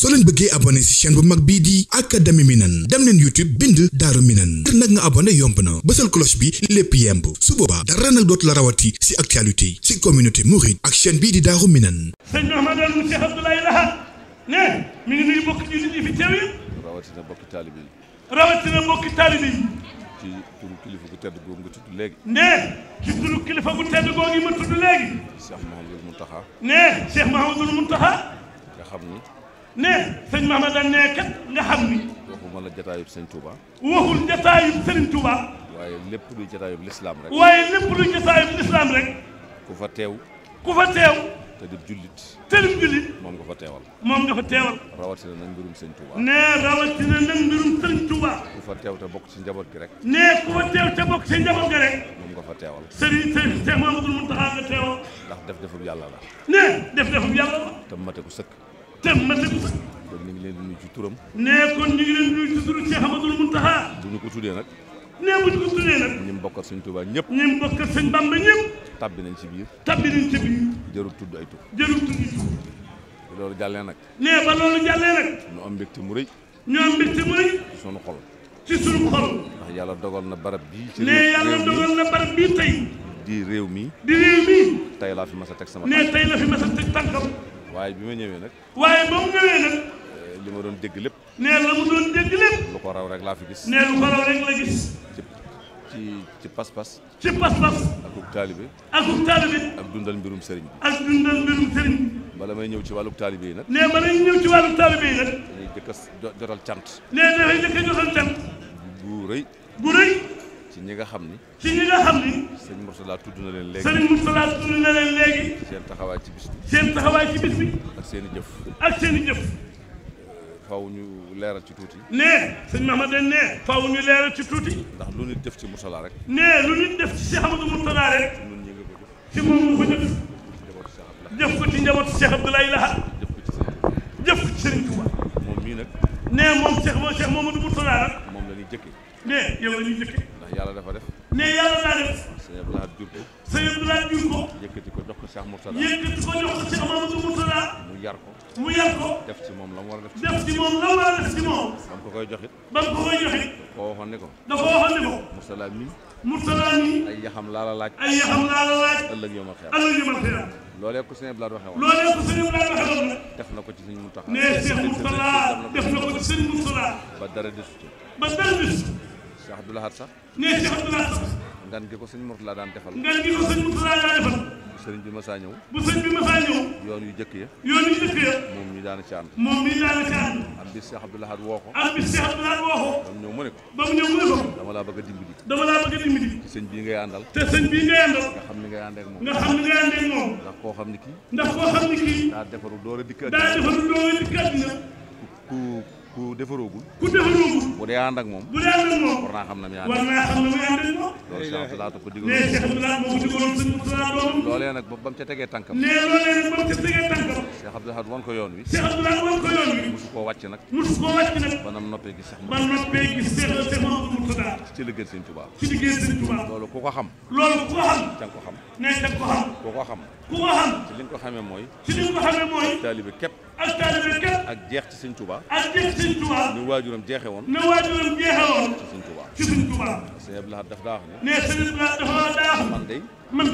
soo bëggee abonné ci chaîne bu mag bii di académie Minane dem leen YouTube bind Daaru Minane ngir nag nga abonné yomb na bësal cloche bi lépp yemb su boobaa dara nag dootu la rawati ci actualité ci communauté mouride ak chaîne bii di Daaru Minane sëñ Mahamadan mu Cheikh Abdoulaye Lahad ne mi ngi nuyu bokk jullit yi fi teew yi rawatina ci turu kilifa gu tedd googu nga tudd léegi ne ci turu kilifa gu tedd googu ma tudd léegi Cheikh Mahamadul Muntaxa ne Muntaxa nga xam ne sëñ Mahmadan ne kat nga xam ni. waxuma la jataayub sëñ Touba. waxul jataayub sëriñ Touba. waaye lépp luy jataayub lislaam rek. waaye lépp luy jataayub lislaam rek. ku fa teew. ku fa teew. te di jullit. te di jullit. moom nga fa teewal. moom rawatina nag mbirum sëñ Touba. nee rawatina nag mbirum sëñ Touba. ku fa teew te bokk ci njaboot gi rek. nee ku fa teew te bokk ci njaboot gi rek. moom nga fa teewal. sëriñ sëriñ Cheikh Mamadou Mountakha nga teewal. ndax def defub yàlla te matal ko. kon ñu ngi leen di nuyu ci turam. nee kon ñu leen di nuyu ci turu Cheikh Amadou Mountakha. bu ñu ko tuddee nag. nee bu ñu ko tuddee nag. ñi mu bokkat sëñ Tuubaa ñëpp. ñi mu bokkat sëñ nañ ci biir. tabbi nañ tudd ay tudd ay tur. te loolu jàllee nag. nee ba loolu jàllee nag. ñu am mbégte mu rëy. ñu am mbégte mu rëy. ci sunu xol. xol. ndax yàlla dogal na barab bii. ci nee yàlla dogal na barab bii tey. di réew mi. di réew mi. tey laa fi la fi mas teg tànkam waaye bi ma ñëwee nag. Eh, li ma doon dégg lépp. nee la mu doon dégg lu ko raw rek laa fi gis. nee lu ko raw rek la gis. ci ci pas-pas. ci pas akuk taalibe. akuk taalibe. ak dundal mbirum sëriñ bi. ak dundal mbirum sëriñ bala may ñëw ci wàlluk taalibe yi nag. nee bala ñu ñëw ci taalibe nag. dañuy jotal cant. nee dafay jëkk jotal cant. bu rëy. ci ñi nga xam ni. ci ñi nga xam ni. sëñ Mourtala tudd na leen léegi sëñ Mourtala seen taxawaay ci bis bi. seen taxawaay ci bis bi. ak seen jëf. ak seen jëf. faaw ñu leeral ci tuuti. nee sëñ Mahmad dañ nee. faaw ñu leeral ci tuuti. ndax lu nit def ci Mourtala rek. nee lu nit def ci Cheikh Amadou Mourtala jëf. ko ci njabootu Cheikh moom mii nag. nee moom Cheikh moom Cheikh Mamadou Mourtala nag. moom la ñuy jëkkee. nee yow la ñuy yàlla dafa def ne yàlla daa def sëñ Abdou Lahad jur ko sëñ Abdou Lahad jur ko yëkkati ko jox ko Cheikh Mourtada yëkkati ko jox ko Cheikh Mamadou Mourtada mu yar ko mu yar ko def ci moom la mu war a def def ci moom la mu war a def ci moom ba mu ko koy joxit ba mu ko koy joxit koo waxoon ne ko dafa waxoon ne ko Mourtada mi Mourtada mi ay yaxam laa la laaj ay yaxam laa la laaj ëllëg yomal xeer ëllëg yomal xeer loolee ko sëñ Abdou Lahad waxee woon loolee ko sëñ Abdou Lahad waxee woon nag def na ko ci sëñ Mourtada ne Cheikh Mourtada def na ko ci sëñ Mourtada ba dara desu ba dara desu Cheikh Abdou Lahad sax. nee Cheikh Abdou Lahad sax. ngan gi ko sëñ Mourtala daan defal. ngan gi ko sëñ Mourtala daan defal. bu sëriñ bi masaa ñëw. bu sëriñ bi masaa ñëw. yoon yu jëkk ya. yoon yu jëkk ya. moom ñu daan ci ànd. moom ñu daan ci ànd. am bis Cheikh Abdou Lahad woo ko. am bis Cheikh Abdou Lahad woo ko. ba mu ñëw mu ne ko. ba mu ñëw mu ne ko. dama laa bëgg a dimbali. dama laa bëgg a dimbali. ci sëñ bii ngay àndal. te sëñ bii ngay àndal. nga xam ni ngay ànd ak moom. nga xam ni ngay ànd ak moom. ndax koo xam ni kii. ndax koo xam ni kii. daa defaru door a dikkaat. daa defaru door a dikkaat dina. ku ku defaroogul. ku defaroogul. bu dee ànd ak moom. bu dee ànd moom war naa xam na muy moom. loolu Cheikh Abdoulaye ko digaloon. nee Cheikh Abdoulaye moo ko digaloon sëñ Moustapha doomam. nag ba ba ca tegee tànkam. Cheikh Abdoulaye wan ko yoon wi. Cheikh ko yoon wi. musu koo wàcc nag. musu koo wàcc nag. ba nam noppee gis Cheikh Moustapha. ba noppee gis Cheikh Cheikh Mamadou Moustapha. ci liggéey sëñ Tuubaa. ci liggéey sëñ loolu ku ko xam. loolu ko xam. ca nga ko xam. nee ca ko xam. ku ko xam. ko xam. ci ko xamee mooy. ci ko xamee mooy. taalibe képp. ak taalibe ak jeex ci sëñ Touba. ak waajuram jeexe woon. ni waajuram jeexe woon. ci sëñ Touba. ci sëñ Touba. sëñ Abdou Lahad man de.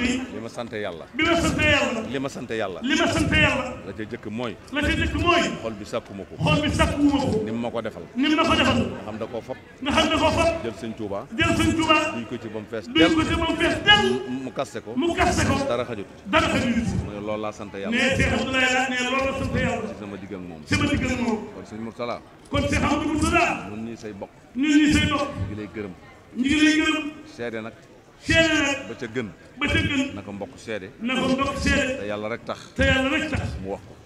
li ma sant yàlla. li ma sante yàlla. li la ca jëkk mooy. la ca jëkk mooy. xol bi sàkkuma ko. xol bi sàkkuma ko. ni ma ko defal. ni ma ko defal. nga xam da koo fop. nga xam da koo fop. jël sëñ Touba. jël sëñ Touba. duñ ko ci ba mu fees. duñ ko mu fees ko. mu kaste ko. dara xajut. dara xajut. mu ne loolu laa sant yàlla. ne Cheikh Abdoulaye yàlla. ci sama digg ma di gërëm moom. kon sëñ Mourtala. kon sëñ Amadou Mourtala. ñun say bokk. ñun ñii say bokk. ñu lay gërëm. ñu lay gërëm. seede nag. seede nag. ba ca gën. ba ca gën. na ko mbokk seede. na ko mbokk seede. te yàlla rek tax. te yàlla rek tax mu wax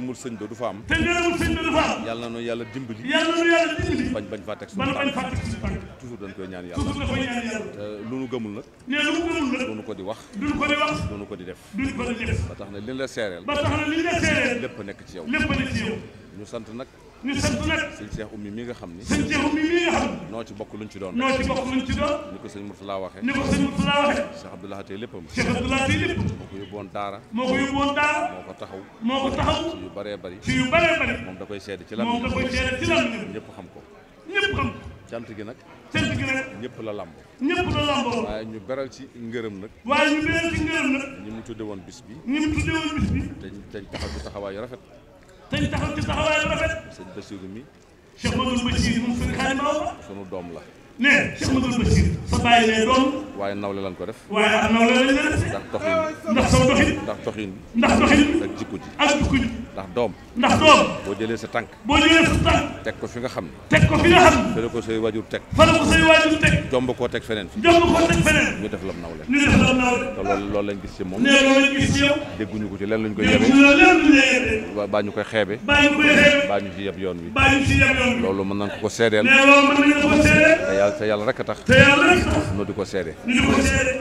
ngërëmul sëñ sëñ ba du fa am yàlla na nu yàlla dimbali bañ bañ faa teg dañ koy ñaan yàlla te lu nu gëmul nag nee lu nu gëmul nag duñu ko di wax duñu ko di ko di def ba tax na li la seereel ba tax na li la seereel lépp nekk ci yow ñu sant nag ñu mi ni sëñ Cheikh Oumy mi nga xam ni noo ci bokk luñ ci doon noo ci bokk luñ ci doon ni ko sëñ Mourtala waxee ni ko sëñ Mourtala waxee Cheikh Abdoulaye tey léppam Cheikh Abdoulaye tey léppam moo ko taxaw moo ko taxaw moom da koy seede ci lan moom da xam ko ñëpp xam cant gi nag cant ñëpp la làmb waaye ñu beral ci ngërëm nag ñu beral ñi mu tudde woon bis bi ñi mu tudde woon bis bi dañ dañ taxaw ci taxawaayu rafet dañ taxaw ci taxawaay bu rafet. sëñ Basiru mi. Cheikh Madoul Bachir moom sëñ Xaadim Awa. sunu doom la. ne Cheikh Madoul Bachir. sa bàyyi ne doom. waaye nawle lan ko def. waaye ak nawle lañ leen def. ndax doxin ndax sama doxin. ndax doxin ndax doxin ak jikko ji ak jikko ji ndax doom ndax doom boo jëlee sa tànk boo jëlee sa tànk teg ko fi nga xam ne teg ko fi nga xam ne fa la ko say waajur teg fa la ko say waajur teg jomb koo teg feneen jomb koo teg feneen ñu def lam nawle ñu def lam nawle te loolu loolu lañ gis ci moom ne loolu lañ gis ci yow dégguñu ko ci leen lañ koy yebee leen lañ yebee baa ñu koy xeebe baa ñu koy xeebe baa ñu ci yeb yoon wi baa ñu ci yeb yoon wi loolu mën nañ ko ko seedeel ne loolu mën nañ ko ko seedeel te yàlla te yàlla rek a tax te yàlla rek a tax ñu di ko seedee ñu di ko seede.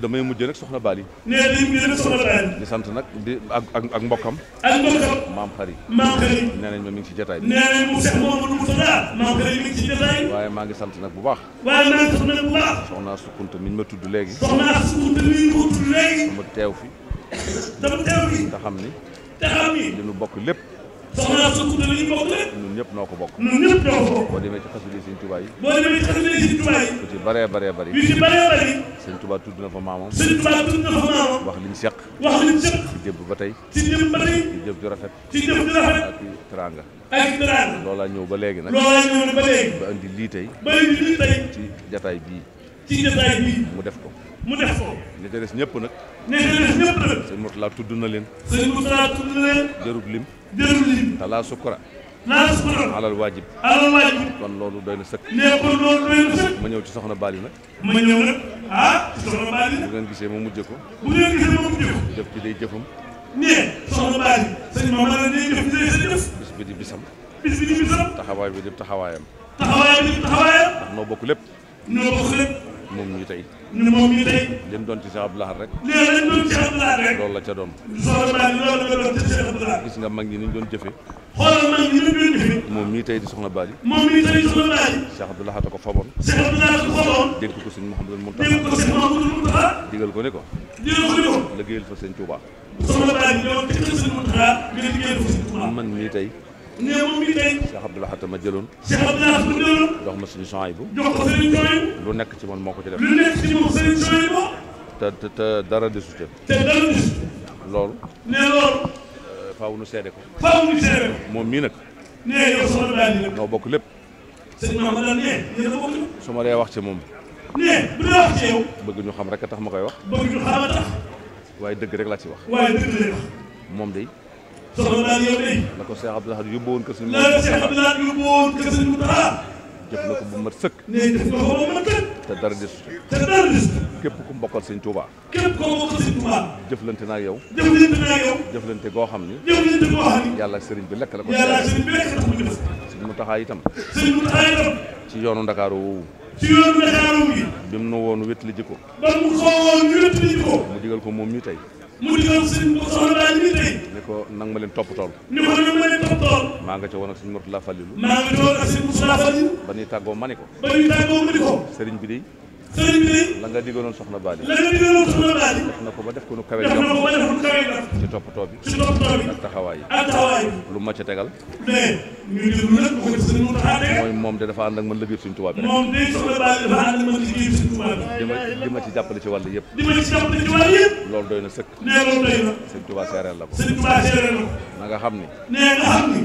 damay mujj nag soxna Bali. nee na li mujj nag soxna Bali. di sant nag di mbokkam. ak mbokkam. nañ ma mi ngi ci jotaay mu seex moom lu mu soxlaa. maam xari mi ngi ci jotaay bi. waaye maa ngi sant nag bu baax. waaye maa ngi sant nag bu soxna Sukunta mi ma tudd léegi. soxna Sukunta mi ma teew fi. dama teew fi. nga ni. te ni. li bokk lépp. soxna Assa Couta la ñu bokk de. ñun ñëpp noo ko bokk. ñun ñëpp noo ko bokk. boo demee ci xasida Sëñ Tuubaa yi. boo demee ci xasida Sëñ Tuubaa yi. yu ci bëree bëree bëri. yu ci bëree bëri. Sëñ Tuubaa tudd na fa maamam. Sëñ Tuubaa tudd na fa maamam. wax li ñu seq. wax li ñu seq. ci jëf ba tey. ci jëf ba tey. ci jëf ju rafet. ci jëf ju rafet. ak teraanga. ak teraanga. loolaa ñëw ba léegi nag. loolaa ñëw ba léegi. ba indi lii tey. ba indi lii tey. ci jataay bii. ci jataay bii. mu def ko mu def ko. ñi ca des ñëpp nag. ñi tudd na leen. sëñ Mourtala tudd na leen. jarul lim. jarul naa sukura. alal waajib. alal waajib. kon loolu doy na sëkk. nee kon loolu doy na sëkk. ma ñëw ci soxna Bali nag. ma ñëw nag ah ci soxna Bali nag. bu ngeen gisee ma mujjee ko. bu ngeen gisee ma mujjee ko. jëf ci day jëfam. ma mën a bisam. bis bi di taxawaay bi di taxawaayam. taxawaay bi taxawaayam. ndax noo bokk lépp. noo bokk lépp. moom ñu tey ñu ne moom ñu tey li mu doon ci Cheikh Abdou Lahad rek li mu doon ci Cheikh Abdou Lahad rek loolu la ca doon soxna Bally loolu la doon ci Cheikh Abdou Lahad gis nga mag ñi ni ñu doon jëfe xoolal mag ñi ni ñu doon jëfe moom mii tey di soxna Bally moom mii tey di soxna Bally Cheikh Abdou Lahad a ko faboon Cheikh Abdou Lahad a ko faboon dégg ko sëñ Mouhamadou Mountakha dégg ko sëñ Mouhamadou Mountakha digal ko ne ko digal ko ne ko liggéeyal fa sëñ Touba soxna Bally ñoo teg sëñ Mountakha ngeen liggéeyal fa sëñ Touba man mii tey ne moom mi tey Cheikh Abdou Lahad ma jëloon Cheikh Abdou Lahad ma jëloon jox ma suñu Souhaïbou jox ko sëriñ Souhaïbou lu nekk ci moom moo ko ci def lu nekk ci moom sëriñ Souhaïbou te te dara desu te dara desu loolu ne loolu euh, nu seede ko faaw nu seede ko moom mii nag ne yow soxna daal noo bokk lépp sëñ ma ma daan ne yéen su ma dee wax ci moom ne bu dee wax ci yow bëgg ñu xam rek a tax ma koy wax bëgg ñu xam a tax waaye dëgg rek laa ci wax waaye moom day soxna daal yow day la ko Cheikh Abdoul Ahad yóbbu woon kër sëñ la ko Cheikh Abdoul Ahad yóbbu woon kër sëñ Mountakha jëf na ko ba mat sëkk ne jëf na ko ba mat sëkk te dara des te dara des képp ku mbokkal sëñ Touba képp ku mbokkal sëñ Touba jëflante naa yow jëflante naa yow jëflante goo xam ni jëflante goo xam ni yàlla ak sëriñ bi lekk la ko yàlla ak sëriñ bi lekk la ko def sëñ Mountakha itam sëñ Mountakha itam ci yoonu Ndakaaru woowu ci yoonu Ndakaaru bi bi mu nu woon wéttali ji ko ba mu ko woon wéttali ji ko mu digal ko moom ñu tey mu digal sëñ soxna Ba ñu tey. ni ko nang ma leen topp tool. ni ko nang ma leen topp tool. maa nga ca woon ak sëñ Mourtala Fallilu. maa nga ca woon ak sëñ Mourtala Fallilu. ba ñuy tàggoo mani ko. ba ñuy tàggoo mani ko. sëriñ bi de. sëriñ bi de. la nga digaloon soxna Ba la nga digaloon soxna Ba def na ko ba def ko nu kawe. def na ko ba def ko nu kawe ci toppatoo bi. ci toppatoo bi ak taxawaay yi. ak taxawaay yi. lu ma ca tegal. mais ñu déglu nag bu ko ci sëriñ Mourtala tegal. mooy moom de dafa ànd ak man la biir suñ tubaab bi rek. moom de soxna Ba dafa ànd ak man ci biir di ma ci jàppale ci wàll yëpp di ma ci jàppale ci wàll yëpp loolu doy na sëkk nee loolu doy na sëñ Tuubaa seereel la la ko na nga xam ni nee nga xam ni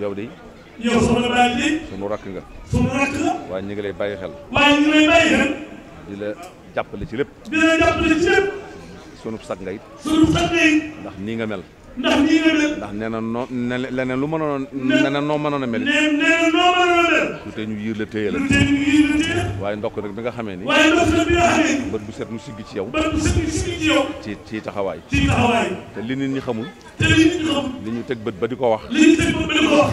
yow di yow soxna Baali di sunu rakk nga sunu rakk nga waaye ñu ngi lay bàyyi xel di la jàppale ci lépp di la jàppale ci lépp sunu sag nga sunu sag nga ndax nii nga mel ndax nii la mel. ndax nee na noo ne leneen lu mënoon nee na noo mënoon a mel. nee na noo mënoon a mel. lu tee ñu yiir la téye la. lu tee ñu yiir la téye la. waaye ndokk nag bi nga xamee ni. waaye ndokk nag bi nga xamee ni. bët bu set mu sigg ci yow. bët bu set mu sigg ci yow. ci ci taxawaay. ci taxawaay. te li nit ñi xamul. te li nit ñi xamul. li ñu teg bët ba di ko wax. li ñu teg bët ba di ko wax.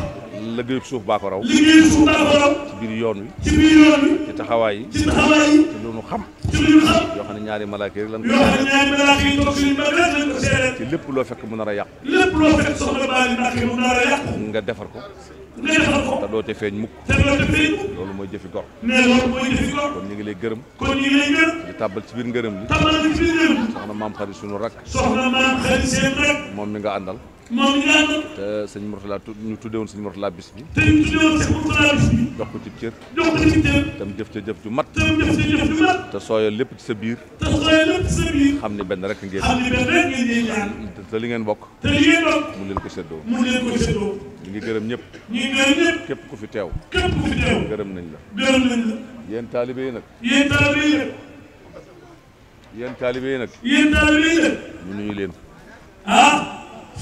liggéeyub suuf baa ko raw. liggéeyub suuf baa ko raw. ci biir yoon wi. ci biir yoon wi. ci taxawaay yi. ci taxawaay yi. te lu nu xam. ci li yoo xam ñaari malaaka yi lan ko seedeel ci lépp loo fekk mu nar a yàq lépp loo fekk soxla baali Mbàkke mu nar a yàq nga defar ko nga defar ko te doo te feeñ mukk te doo feeñ loolu mooy jëfi gor mais loolu mooy jëfi gor kon ñu ngi lay gërëm kon ñu lay gërëm di tàbbal ci biir ngërëm li tàbbal ci biir ngërëm soxna maam xarit suñu rakk soxna maam xarit seen rakk moom mi nga àndal moom sëñ Mourtala tu ñu tuddee woon sëñ Mourtala bis jëf ca jëf ju mat. tam sooyal lépp ci sa biir. sooyal lépp ci sa biir. xam ni benn rek ngeen. ni benn rek ngeen li ngeen bokk. te li ngeen bokk. mu leen ko séddoo. mu leen ko ngi gërëm ñëpp. ñu ngi gërëm képp ku fi teew. képp ku fi teew. gërëm nañ la. gërëm nañ nag. yéen yi nag. yéen ñu nuyu leen. ah.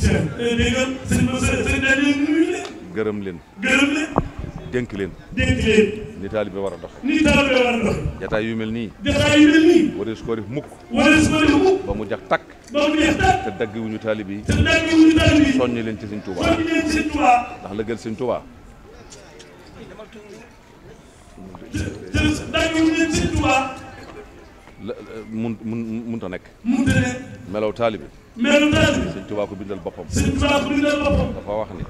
Cheikh dégg nga sëñ ma sëñ daal leen nuyu leen. gërëm leen. gërëm leen. dénk leen. ni taalibe war a doxe. ni taalibe war a doxe. jataay yu mel nii. jataay yu mel warees ko def mukk. ba mu jax takk. ba mu jax takk. te dagg wuñu taalibe taalibe yi. soññ leen ci sëñ Touba. ndax la gën sëñ Touba. jërëjëf dagg mun mun nekk. melow nekk. taalibe. meelu taalibe bi. sëñ Tuubaa ko bindal boppam. sëñ Tuubaa ko bindal boppam. dafa wax ni.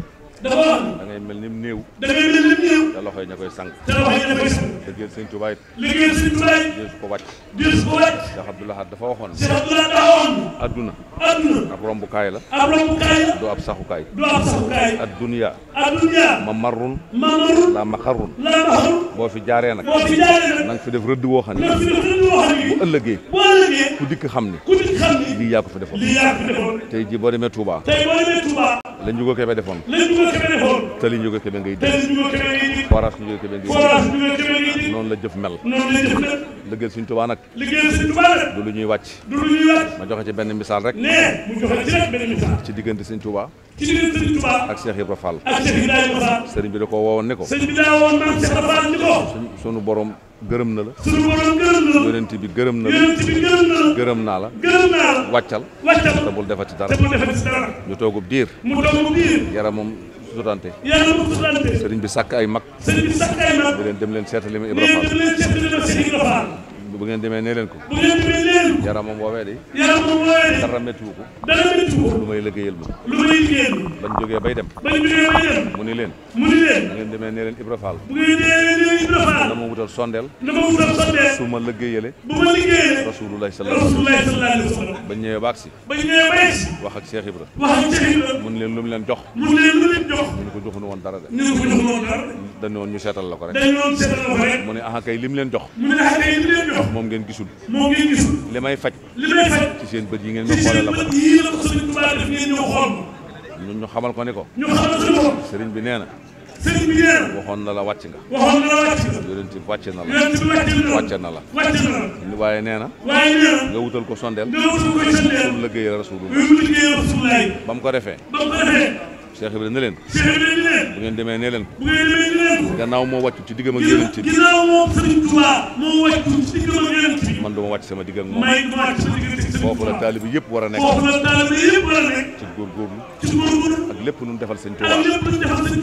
dafa wax ni. da ngay mel ni néew. da ngay mel ni néew. te loxo yi ña koy sànq. te loxo yi ña koy sànq. liggéeyal sëñ Tuubaa it. liggéeyal sëñ Tuubaa it. jël ko wàcc. jël ko wàcc. Cheikh Abdou Lahad dafa waxoon. Cheikh Abdou Lahad dafa waxoon. adduna. adduna ab rombukaay la. ab rombukaay la. du ab saxukaay. du ab saxukaay. adduniya. adduniya. ma marrun. ma marrun. la maxarrun. la maxarrun. boo fi jaaree nag. boo fi jaaree nag. na nga fi def rëdd woo xam ne. na nga fi def rëdd woo xam ne. bu ëllëgee. bu ëllëgee. ku dikk xam ni. ku xam ni lii defoon tey ji boo demee Touba tey boo demee Touba la ñu ko kebe defoon la ñu ko kebe defoon tali ñu ko kebe ngay dégg tali ñu noonu la jëf mel noonu la jëf mel nag liggéeyal suñ Touba nag du lu ñuy wàcc du lu ma joxe ci benn misaal rek ne mu joxe ci rek benn misaal ci diggante suñ Touba ci diggante Serigne Touba ak Cheikh Ibra Fall sëriñ bi da koo woowoon ne ko sëriñ bi daa woowoon ni ko sunu borom gërëm na la sunu borom gërëm bi gërëm na la gërëm naa la wàccal wàccal te bul defati dara te bul defati dara ñu toogub diir mu toogub diir yaramam sutante yaramam sutante sëriñ bi sàkk ay mag sëriñ bi sàkk ay mag leen dem leen seetali ma Ibra Fall bu ngeen demee nee leen ko. bu ngeen demee nee leen ko. yaramam woowee de. yaramam woowee de. dara méttiwu ko. dara méttiwu ko. lu may liggéeyal ma. lu may liggéeyal ma. bañ jógee bay dem. bañ jógee bay dem. mu ni leen. mu ni leen. bu ngeen demee nee leen Ibra Fall. bu ngeen demee nee leen Ibra Fall. dama wutal sondeel. dama wutal sondeel. su ma liggéeyale. bu ma liggéeyale. rasulullah sallallahu alayhi wa sallam. bañ ñëwee ba agsi. bañ ñëwee ba agsi. wax ak Cheikh Ibra. wax ak Cheikh Ibra. mu ni leen lu mu leen jox. mu ni leen lu mu leen jox. ñu ko joxunu woon dara de. ñu ko joxunu woon dara de. dañu ñu seetal la ko rek dañu woon seetal mu ne aha kay lim leen jox mu ne aha kay lim leen jox moom ngeen gisul moom li may faj ci seen bët yi ngeen ma xoolal la ko ñu xamal ko ne ko sëriñ bi nee na sëriñ bi nee waxoon na la wàcc nga waxoon na la wàcc nga yonent wàcce na la yonent bi wàcce na la wàcce na waaye nee na waaye nee nga wutal ko sondeel nga wutal ko sondeel pour liggéeyal rasulullah ba mu ko ko defee Cheikh Ibrahima ne leen leen bu ngeen demee ne leen ko bu ngeen demee ne leen ko moo wàccu ci diggam ak yonent bi ginnaaw moom Sëriñ Tuubaa moo wàccu ci diggam ak yonent bi man du ma wàcc sama diggam moom may du ma wàcc foofu la taalibi yëpp war nekk foofu la taalibi yëpp war a nekk ci góorgóorlu ci ak lépp lu defal sëñ Tuubaa ak lépp defal sëñ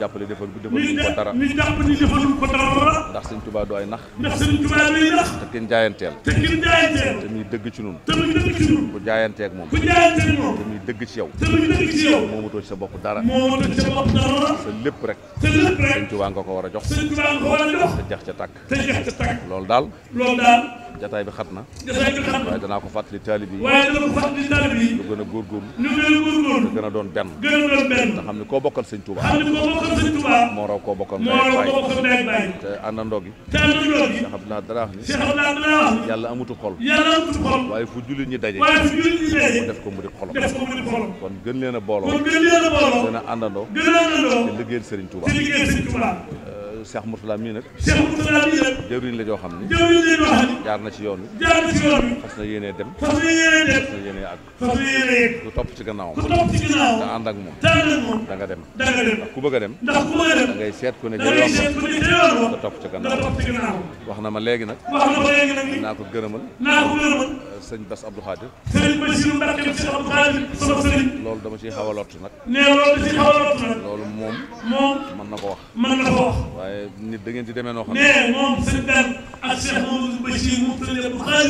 jàppale defal bu defalul ko dara ñu jàppale defalul ko dara ndax sëñ Tuubaa du ay nax ndax sëñ Tuubaa du ay nax te kenn jaayanteel te kenn jaayanteel te muy dëgg ci ñun te muy dëgg ci ñun ku jaayanteeg moom te muy dëgg ci yow te muy sa bopp dara sa lépp rek sa lépp rek sëñ Tuubaa nga ko war a jox nga ko war a jox te jeex ca tàkk te daal jataay bi xat na waaye danaa ko fàttali taalib yi waaye danaa ko fàttali taalib yi ñu gën a góorgóorlu ñu gën a góorgóorlu gën a doon benn gën a doon benn te xam ne koo bokkal sëñ Touba ko ne bokkal moo raw koo bokkal moo raw koo bokkal àndandoo gi te àndandoo yàlla amutu xol waaye fu jullit ñi daje waaye fu ko mu di xolom def ko mu di xolom kon gën leen a booloo kon gën leen booloo gën a àndandoo gën a àndandoo liggéeyal sëriñ Touba Cheikh Mourtala mii nag Cheikh Mourtala mii nag jëwriñ la joo xam ni jëwriñ la joo xam ni jaar na ci yoon wi jaar na ci yoon wi fas na yéenee dem fas na yéenee dem fas na yéenee àgg fas na yéenee yegg ku topp ci gannaawam ku topp ci gannaawam da ànd ak moom da ànd ak moom da nga dem da nga dem ndax ku bëgg a dem ndax ku bëgg a dem da ngay seet ku ne da ngay seet ku ne ca yoon wa da topp ci gannaawam da topp ci gannaawam wax na ma léegi nag wax na ma léegi nag naa ko gërëmal naa ko gërëmal euh, sëñ Bass Abdou loolu dama ci xaw a lott nag loolu da ciy xaw a lott nag loolu moom moom mën na ko wax mën na ko da ngeen di demee noo xam ne moom sëñ Dame ak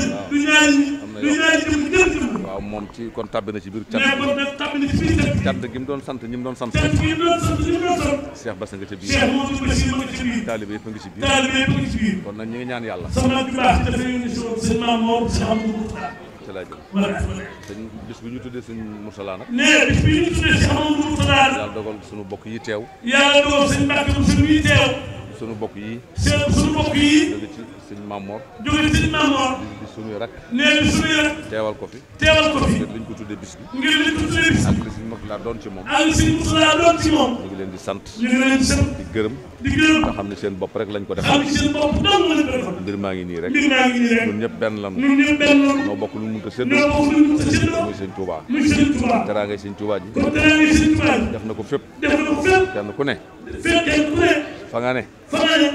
li ñu laaj jëm jëm jëm. waaw moom ci kon tàbbi na ci biir cant. mais kon nag tàbbi na ci biir cant. cant gi mu doon sant ñi mu doon sant. cant gi mu doon sant ñi mu doon sant. Cheikh Bass nga ca biir. Cheikh moom nga ci biir. taalibe yëpp a ngi ci biir. taalibe yëpp a ngi ci biir. kon nag ñu ngi ñaan yàlla. soxna bi baax dafay yónni si woon seen maam Mor Cheikh Amadou Mourtala. ca laa jëm. voilà sëñ bis bi ñu tuddee sëñ Mourtala nag. nee bis bi ñu tuddee Cheikh Amadou Mourtala. yàlla dogal suñu bokk yi teew. yàlla dogal sëñ Mbàkke sunu yi teew sunu bokk yi. seen sunu bokk yi. jóge ci sëñ Mamor. jóge ci sëñ Mamor. di sunuy rak. nee di sunuy rak. teewal ko fi. teewal ko fi. ngir liñ ko tuddee bis bi. ngir liñ ko tuddee bis bi. ak li sëñ mag laa doon ci moom. ak li sëñ mag laa doon ci moom. ñu ngi leen di sant. ñu ngi leen di sant. di gërëm. di gërëm nga xam ne seen bopp rek lañ ko defal. xam ne seen bopp dong lañ ko defal. mbir maa ngi nii rek. mbir maa ngi nii rek. ñun ñëpp benn lan. ñun ñëpp benn lan. noo bokk lu mu mënta séddoo. noo bokk lu mu mënta séddoo. muy sëñ Touba. muy sëñ Touba. teraangay sëñ Touba ji. kon teraangay sëñ Touba ji. def na ko fépp. def na ko fépp. kenn ku ne. fépp kenn ku ne. fa nga ne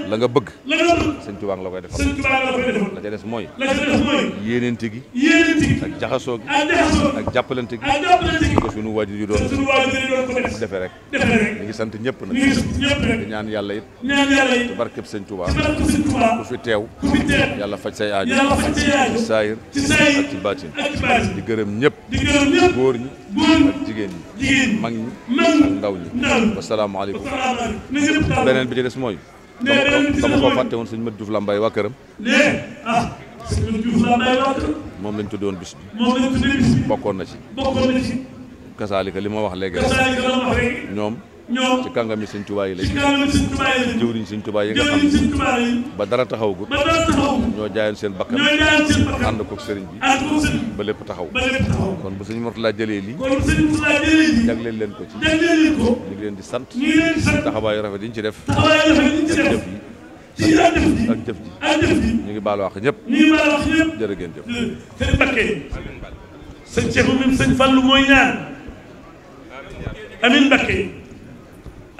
la nga bëgg sëñ Tuubaa la koy defal la ca des mooy yéenente gi ak jaxasoo gi ak jàppalante gi di ko suñu waajur yi doon defe rek ñu ngi sant ñëpp nag di ñaan yàlla it ci barkeb sëñ Tuubaa ku fi teew yàlla faj say aajo ci saayir ak ci baatin di gërëm ñëpp góor ñi góor jigéen ñi mag ñi ak ndaw ñi wasalaamaaleykum beneen bi ci des mooy dama ko fàtte woon sëñ Mat Diouf Lambaye waa këram ah, waa këram moom lañ tuddoon bis bi bokkoon na ci bokkoon na li ma wax léegi ñoom ci kàngami sëñ Tuubaa yi lañ ci kàngami sëñ Tuubaa yi nga xam jëwriñ ba dara taxaw ba ñoo jaayoon seen bakkan ñoo jaayoon sëriñ bi ba lépp taxaw kon bu sëñ Mourtala jëlee lii jëlee lii jagleel leen ko ci jagleel leen ko ñu leen di sant ñu ngi leen taxawaayu rafet yi ñu ci def taxawaayu ci def ji ñu ngi baal wax ñëpp ñu ngi wax ñëpp jërë ngeen jëf sëñ Mbakke sëñ Cheikh Mim sëñ Fallu mooy ñaan amin Mbakke